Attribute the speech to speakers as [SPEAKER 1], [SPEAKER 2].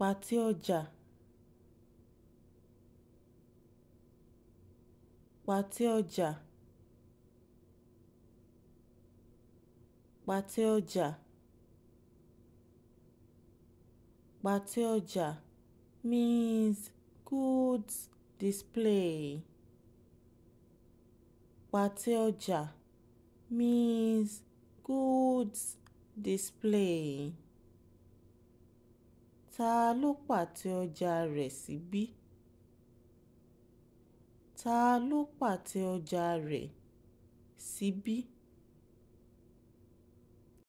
[SPEAKER 1] pàtẹ ọjà pàtẹ ọjà pàtẹ ọjà pàtẹ ọjà means goods display pàtẹ ọjà means goods display. Ta ló pàtẹ ọjà rẹ̀ síbí? Ta ló pàtẹ ọjà rẹ̀ síbí?